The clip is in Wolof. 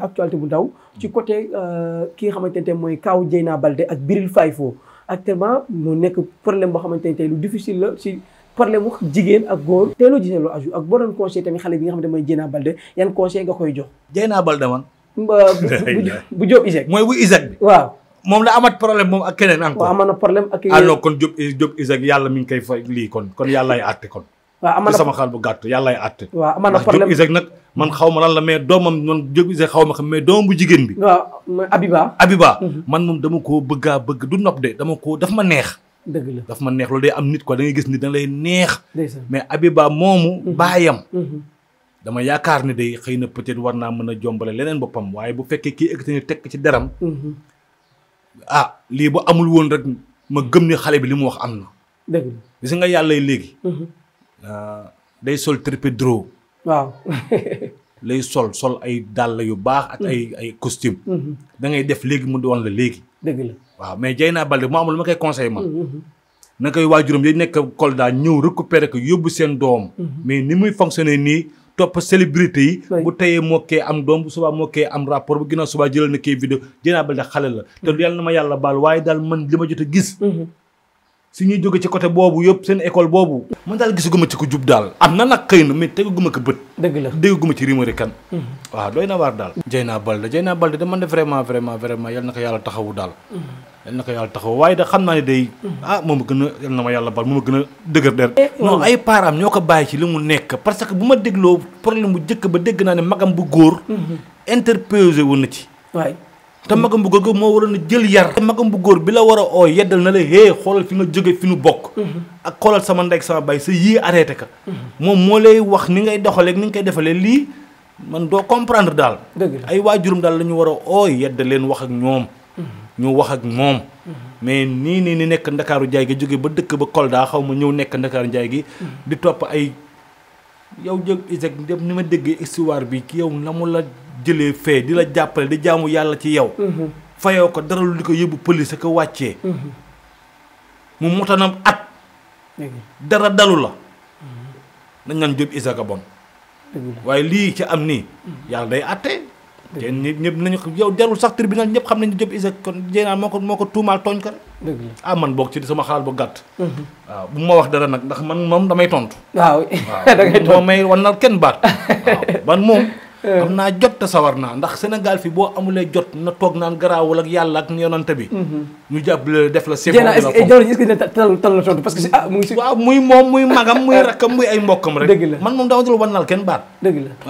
actualité bu ndaw ci côté euh, ki nga xamante ne mooy kaaw Dieyna Baldé ak Biril Fayfo actuellement mu nekk problème boo xamante ne tey lu difficile la si problème mu jigéen ak góor tey loo gisee loo aju ak boo doon conseil tamit xale bi nga xamante mooy Dieyna Baldé yan conseil nga koy jox Dieyna Baldé man bu Diop Isaac mooy bu Isaac bi waaw moom la amat problème moom ak keneen encore ko amoon na problème ak ah non kon Diop Diop Isaac yàlla mi koy fay lii kon kon yàllaay àtte sama xaal bu gàtt yàllaay àtte waaw amoon na problème Diop nag man xaw ma lan la mais doomam man Diop Iseg xaw ma xam mais doomam bu jigéen bi. waaw Abiba. Abiba mhm. man moom dama koo bëggaa bëgg du nopp de dama ko daf ma neex. dëgg la ma neex loolu day am nit ko da gis nit da lay neex. mais Abiba moomu. Mhm. baayam. Mhm. dama yaakaar ne day xëy na peut-être war naa mën a jombale leneen boppam waaye bu fekkee kii egg nañu tekk ci deram. ah lii bu amul woon rek ma gëm ni xale bi li mu wax am na. dëgg la nga yàlla léegi. Ah, day sol tripé lay sol sol ay dàll yu baax ak mm-hmm. ay ay costume mm-hmm. da ngay def léegi mu doon la léegi dëgg la waaw mais naa Baldé moo amul lu ma koy conseil ma mm-hmm. na koy waajuram yi nekk Kolda ñëw récupérer ko yóbbu seen doom mais ni muy fonctionner nii topp célébrité yi bu teyee mokkee am doom bu subaa mokkee am rapport bu a subaa jëlal na kii vidéo Dieyna Baldé xale la te yàlla na ma yàlla baal waaye daal man li ma jot a gis su ñuy jóge ci côté boobu yëpp seen école boobu. man daal gisaguma ci ko jub daal. am na nag xëy na mais tegaguma ko bët. dëgg la dégguma ci rumeur kan. Mhm. waaw doy na waar daal. Dieyna Baldé Dieyna Baldé de man de vraiment vraiment vraiment yal na ko yàlla mhm. ko yàlla taxawu waaye da xam ne day. Mhm. ah moom gën a yal na ma yàlla a dëgër der. Eh, non ma ba dégg naa ne magam bu góor. interposé wu na ci. te magam bu góor moo waroon a jël yar te bu góor bi la war a ooy yeddal na la hee xoolal fi nga jóge fi nu bokk mm-hmm. ak xoolal sama ndey sama bay sa yii arrêté ka mm-hmm. moom moo lay wax ni ngay doxalee ni nga koy defalee lii man doo comprendre daal ay waajurum daal la war a ooy yedd leen wax ak ñoom mm-hmm. ñu wax ak moom mais nii nii ni nekk ndakaaru jaay gi jóge ba dëkk ba daa xaw ma ñëw nekk ndakaaru jaay gi di topp ay yow jóg iseg dem ni ma déggee histoire bi jëlee fee di la jàppale di jaamu yàlla ci yaw mhm. fayoo ko dara lu di ko yóbbu pëlis ak wàccee. Mhm. mu motanam at. dara dalu la. Mhm. nañ naan Jóob Isaka waaye lii ci am nii. yàlla day àtte. te ñëpp ñëpp nañu yow jarul sax tribunal ñëpp xam nañu Jóob Isaka kon jéenaa moo ko moo ko tuumaal tooñ ko rek. ah man boog ci sama xalaat bu gàtt. waaw bu ma wax dara nag ndax man moom damay tontu. waaw da may wan kenn baat waaw man moom. Eh. am naa jot te sawar naa ndax Sénégal fi boo amulee jot na toog naan garaawul ak yàlla ak yonante bi. Mhm. ñu jàppale def la c' la tontu ah, waaw muy moom muy magam muy rakkam muy ay mbokkam rek. man moom dama dul wannal kenn baat.